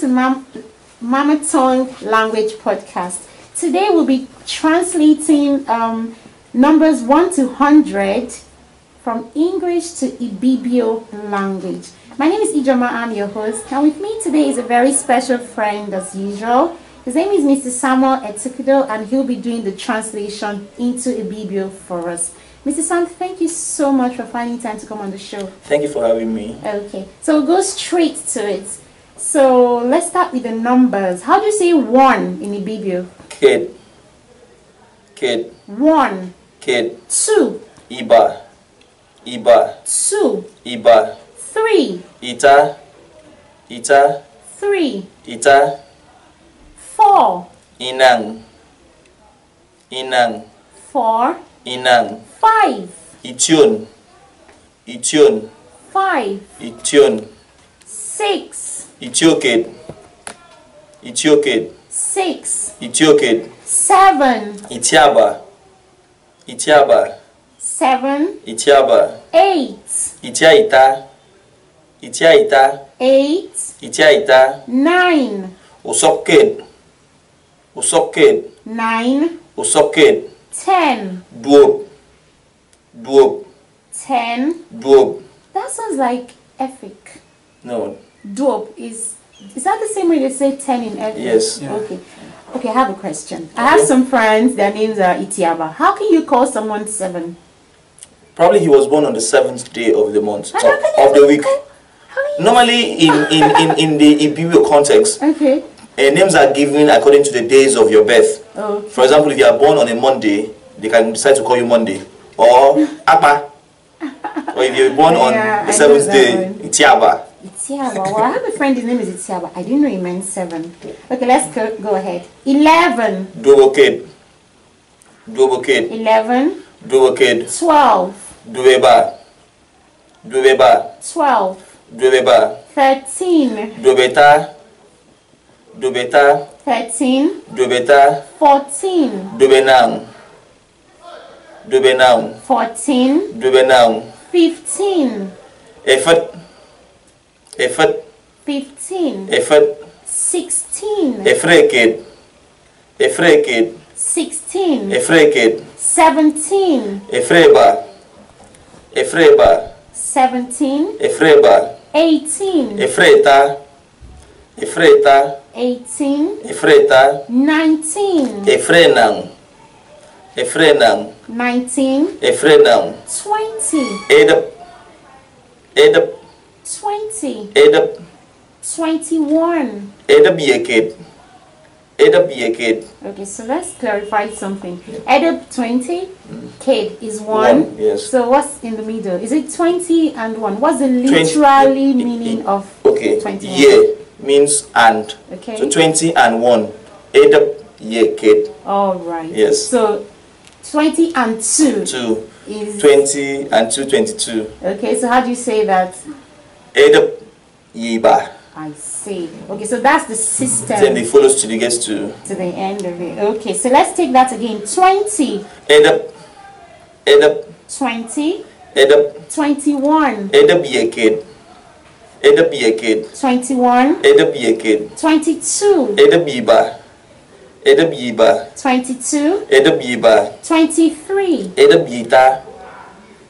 to Mama Tongue Language Podcast. Today we'll be translating um, numbers 1 to 100 from English to Ibibio language. My name is Ijoma, I'm your host. Now with me today is a very special friend as usual. His name is Mr. Samuel Etikudo and he'll be doing the translation into Ibibio for us. Mr. Sam, thank you so much for finding time to come on the show. Thank you for having me. Okay, so we'll go straight to it. So let's start with the numbers. How do you say one in Ibibio? Kid. Kid. One. Kid. Two. Iba. Iba. Two. Iba. Three. Ita. Ita. Three. Ita. Four. Inang. Inang. Four. Inang. Five. Itun. Itun. Five. Itun. Six. Itioked. Itioked. Six. Itioked. Seven. Itiaba. Itiaba. Seven. Itiaba. Eight. Itiaita. Itiaita. Eight. Itiaita. Nine. Usoked. Usoked. Nine. Usoked. Ten. Duob. Duob. Ten. Duob. That sounds like epic. No. dope is is that the same way they say 10 in every? Yes. Yeah. Okay. Okay, I have a question. Okay. I have some friends, their names are Itiaba. How can you call someone seven? Probably he was born on the seventh day of the month, of, of the week. Normally, in, in, in, in the Ibibio context, okay. Uh, names are given according to the days of your birth. Oh. For example, if you are born on a Monday, they can decide to call you Monday. Or Apa. or if you're born on the seventh day, Itiaba. Tiawa. Well, I have a friend, his name is Itiaba. I didn't know he meant seven. Okay, let's go, go ahead. Eleven. Double kid. Double kid. Eleven. Double kid. Twelve. Double bar. Double bar. Twelve. Double bar. Thirteen. Double Beta. Double Beta. Thirteen. Double Beta. Fourteen. Double nang. Double nang. Fourteen. Double nang. Fifteen. Effort. Ifat. Fifteen. Ifat. Sixteen. Ifrekid. Ifrekid. Sixteen. Ifrekid. Seventeen. Ifreba. Ifreba. Seventeen. Ifreba. Eighteen. Ifreta. Ifreta. Eighteen. Ifreta. Nineteen. Ifrenang. Ifrenang. Nineteen. Ifrenang. Twenty. Edap. Edap. Twenty. Edap. Twenty-one. Edap yeket. Edap yeket. Okay, so let's clarify something. Edap twenty, mm. kid is one. one. Yes. So what's in the middle? Is it twenty and one? What's the literally 20, meaning it, it, of okay? Twenty. Yeah means and. Okay. So twenty and one. Edap yeket. All right. Yes. So 20 and 2. 2. Is 20 and two twenty two. Okay, so how do you say that? Edip Yiba. I see. Okay, so that's the system. Then the follows till it gets to to the end of it. Okay, so let's take that again. Twenty. Edip. Edip. Twenty. Edip. Twenty-one. be a kid. Edip be a kid. Twenty-one. be a kid. Twenty-two. Edip Yiba. Edip Yiba. Twenty-two. Edip Yiba. Twenty-three. Edip Yita.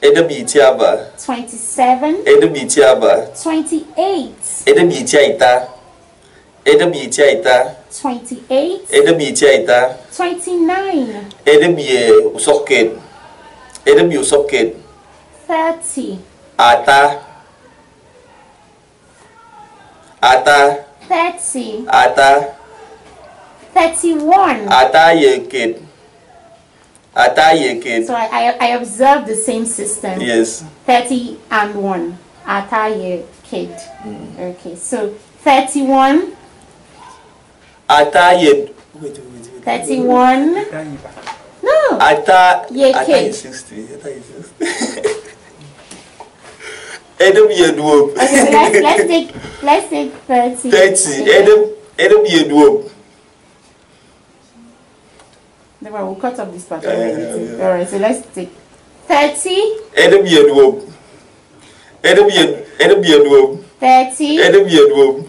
Edem Twenty-seven. Edem Twenty-eight. Edem itiaita. Twenty-eight. Edem Twenty-nine. Edem ye eh, usoket. Edem Thirty. Ata. Ata. Thirty. Ata. Thirty-one. Ata ye Ataya again. So I, I, observed the same system. Yes. 30 and 1. Ataya kid. Mm. Okay, so 31. Ataya. Wait, wait, wait. 31. No. Ata. Yeah, kid. Ataya 60. Ataya 60. Adam Yeduob. Okay, let's, let's take let's take thirty. Thirty. Adam Adam Yeduob. Never, we'll cut up this part yeah, already. Yeah, yeah. All right, so let's take 30. Ẹ̀ẹ́dẹ́ bí ẹ̀dùn ọ̀bù. Ẹ̀ẹ́dẹ́ bí ẹ̀dùn ọ̀bù. 30. Ẹ̀ẹ́dẹ́ bí ẹ̀dùn ọ̀bù.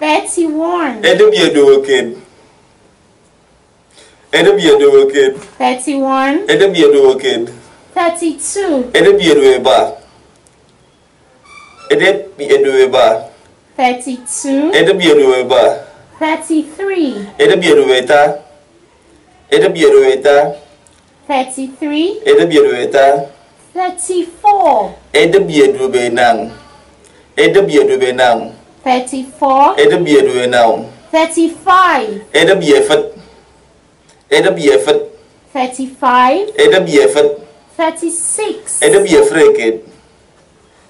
31. Ẹ̀ẹ́dẹ́ bí ẹ̀dùn ọ̀kẹ́d. Ẹ̀ẹ́dẹ́ bí 31. Ẹ̀ẹ́dẹ́ bí ẹ̀dùn 32. Ẹ̀ẹ́dẹ́ bí ẹ̀dùn ẹ̀bà. Ẹ̀ẹ́dẹ́ bí 32. Ẹ̀ẹ́dẹ́ bí ẹ̀dùn 33. Ẹ̀ẹ́dẹ́ bí ẹ̀dùn Edebiadoeta. 33. Edebiadoeta. 34. Edebiadobenang. Edebiadobenang. 34. Edebiadobenang. 35. Edebiafet. Edebiafet. 35. Edebiafet. 36. Edebiafreked.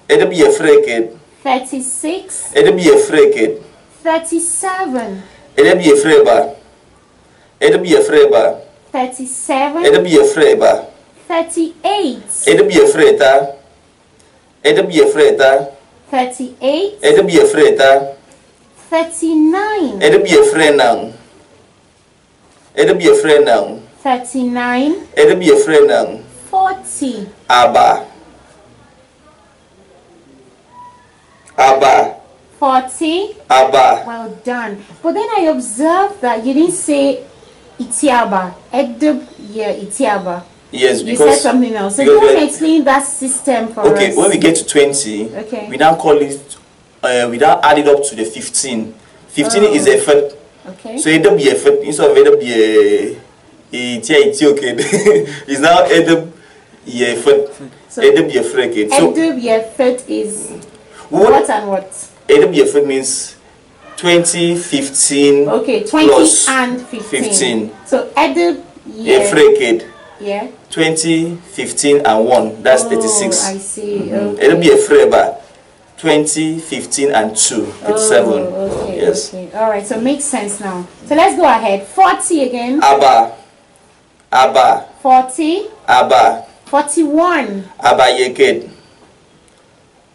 Edebiafreked. 36. Edebiafreked. 37. It'll be a freba. 37. It'll be a freba. 38. It'll be a freta. It'll be a freta. 38. It'll be a freta. 39. It'll be a frenang. It'll be a frenang. 39. It'll be a frenang. 40. Abba. Abba. 40. Abba. Well done. But then I observed that you didn't say Itiaba. Edub yeah, Itiaba. Yes, because you said something else. So you can explain that system for okay, us. Okay, when we get to twenty, okay, we now call it uh, we now add it up to the fifteen. Fifteen oh. is effort. Okay. So Edub be effort instead of Edub be Itia Itioke. It's now Edub effort. Edub effort. So Edub effort is what and what? Edub effort means twenty fifteen. okay twenty and fifteen. so edu year. efreked. yeah. twenty fifteen and one that's thirty-six. oh i see mm -hmm. okay. edubi efreba twenty fifteen and two thirty-seven. oh okay yes. okay all right so makes sense now so let's go ahead forty again. aba aba. forty. aba. forty-one. abayeked.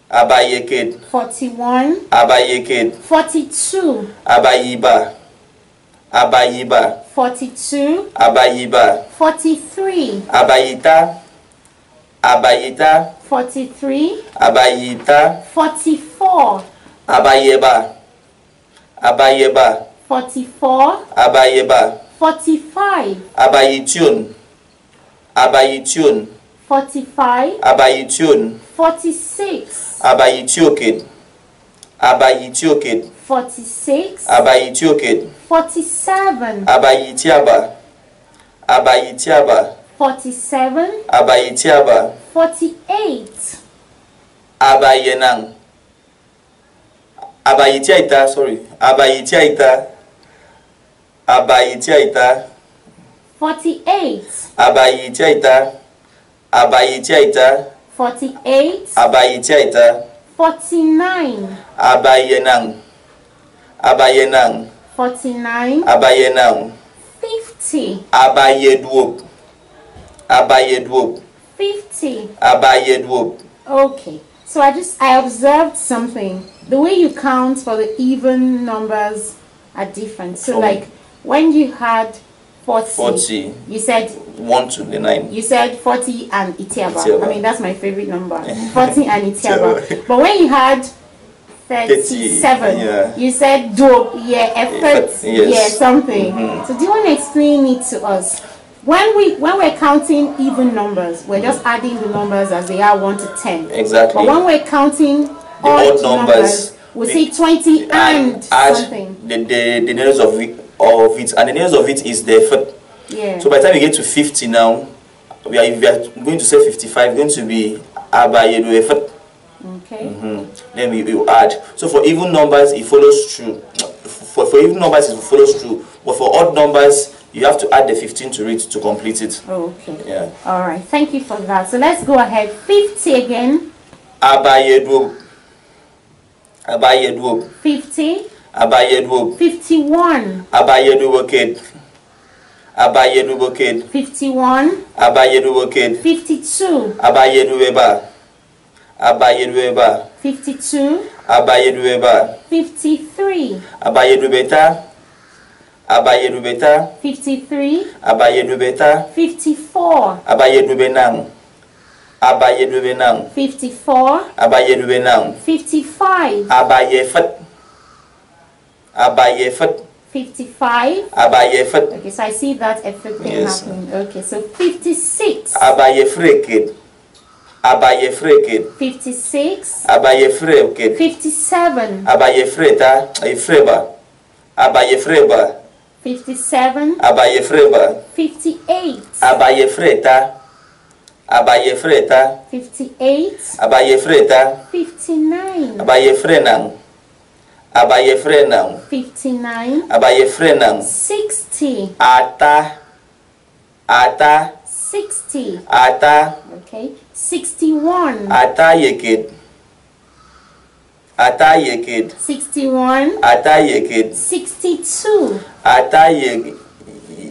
Abayeked. 41. Abayeked. 42. Abayiba. Abayiba. 42. Abayiba. 43. Abayita. Abayita. 43. Abayita. 44. Abayeba. Abayeba. 44. Abayeba. 45. Abayitun. Abayitun. forty-five. tí ò ní. forty-six. tí ò kéde. àbàyè tí ò kéde. forty-six. tí ò kéde. forty-seven. tí a bà. àbàyè tí a bà. forty-seven. tí a bà. forty-eight. náà. àbàyè tí a ìta sorry àbàyè tí a ìta. àbàyè tí a ìta. forty-eight. tí a ìta. Abayitiaita. 48. Abayitiaita. 49. Abayenang. Abayenang. 49. Abayenang. 50. Abayedwop. Abayedwop. 50. Abayedwop. Okay. So I just, I observed something. The way you count for the even numbers are different. So oh. like when you had 40. 40. You said 1 to the 9. You said 40 and Itiaba. Itiaba. I mean, that's my favorite number. 40 and Itiaba. but when you had 37, yeah. you said dope, yeah, effort, yes. yeah, something. Mm -hmm. So do you want to explain it to us? When we when we're counting even numbers, we're just mm-hmm. adding the numbers as they are 1 to 10. Exactly. But when we're counting the odd, numbers, numbers we say 20 and, and something. The, the, the nearest of it, of it, and the nearest of it is the foot. Yeah. So by the time we get to 50 now, we are, we are going to say 55, going to be abayedu effort. Okay. Mm -hmm. Then we, we add. So for even numbers, it follows true. For, for even numbers, it follows true. But for odd numbers, you have to add the 15 to it to complete it. Okay. Yeah. All right. Thank you for that. So let's go ahead. 50 again. Abayedu Abayeduwob. Fifty. Abayeduwob. Fifty-one. Abayeduwoked. Abayeduwoked. Fifty-one. Abayeduwoked. Fifty-two. Abayeduweba. Abayeduweba. Fifty-two. Abayeduweba. Fifty-three. Abayedubeta. Abayedubeta. Fifty-three. Abayedubeta. Fifty-four. Abayedubenang abaye dwebe nang 54 abaye dwebe nang 55 abaye fat abaye fat 55 abaye fat okay so i see that effect yes. happening okay so 56 abaye freked abaye freked 56 abaye freked 57 abaye freta Abaye freba abaye freba 57 abaye freba 58 abaye freta abayefreta. fifty-eight. abayefreta. fifty-nine. abayefrenan. abayefrenan. fifty-nine. abayefrenan. sixty. ata. ata. sixty. ata. okay sixty-one. ata yeked. ata yeked. sixty-one. ata yeked. sixty-two. ata ye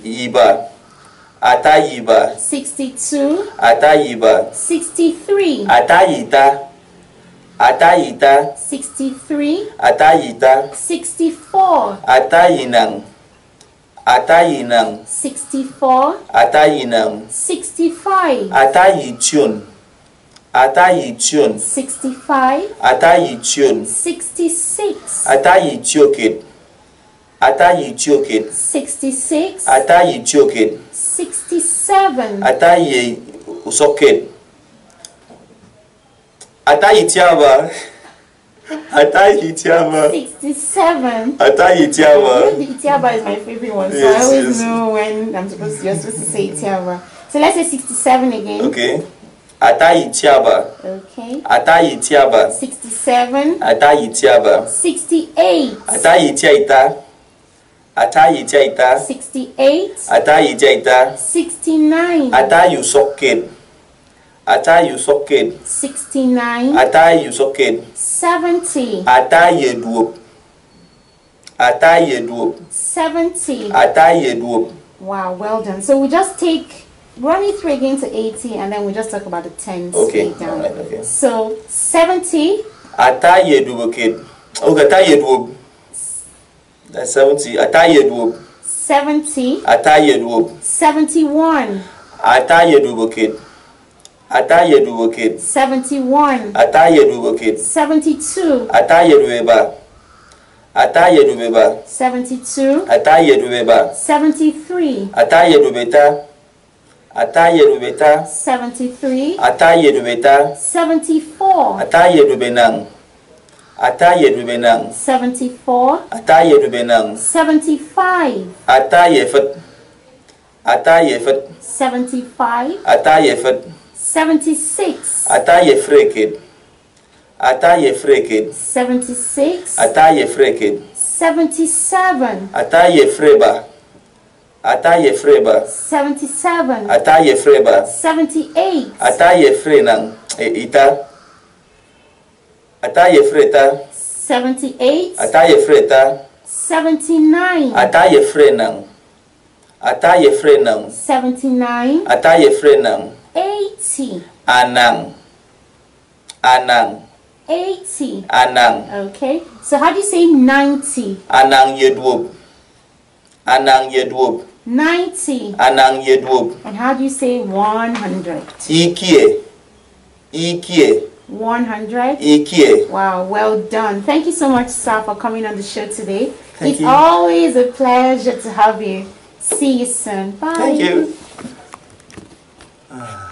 yiba. Atayiba. Sixty-two. Atayiba. Sixty-three. Atayita. Atayita. Sixty-three. Atayita. Sixty-four. Atayinang. Atayinang. Sixty-four. Atayinang. Sixty-five. Atayichun. Atayichun. Sixty-five. Atayichun. Sixty-six. Atayitioket. you yi joking. 66. Ata yi joking. 67. Ata yi usoking. Ata yi tiaba. Ata yi tiaba. 67. Ata yi tiaba. Itiaba is my favorite one, so I always yes. know when I'm supposed to, you're supposed to say tiaba. So let's say 67 again. Okay. Atayi Tiaba. Okay. Atayi Tiaba. 67. Atayi Tiaba. 68. Atayi Tiaita atayijaita 68 atayijaita 69 atayusokken ataayusokken 69 ataayusokken 70 ataayeduop ataayeduop 70 ataayeduop wow well done so we just take run it through again to 80 and then we just talk about the 10 okay. right, okay so 70 ataayeduokken okay ataayeduop 70 atayedwob 70 atayedwob 71 atayedwoboked atayedwoboked 71 atayedwoboked 72 atayedweba atayedwobeba 72 atayedwobeba 73 atayedwobeta atayedwobeta 73 atayedwobeta 74 benang. Ata yɛ dube naŋ. Seventy four. Ata yɛ dube naŋ. Seventy five. Ata yɛ fat. Ata yɛ fat. Seventy five. Ata yɛ fat. Seventy six. Ata yɛ freke. Ata yɛ freke. Seventy six. Ata yɛ freke. Seventy seven. Ata yɛ freba. Ata yɛ freba. Seventy seven. Ata yɛ freba. Seventy eight. Ata yɛ fre naŋ. E, Ata yefre 78. Ata yefre 79. Ata yefre Ataye Ata 79. Ata yefre 80. Anang. Anang. 80. Anang. Okay. So how do you say 90? Anang Yedwob. Anang Yedwob. 90. Anang Yedwob. And how do you say 100? Ikie. Ikie. 100. Ikea. Wow, well done. Thank you so much, sir, for coming on the show today. Thank it's you. always a pleasure to have you. See you soon. Bye. Thank you. Uh.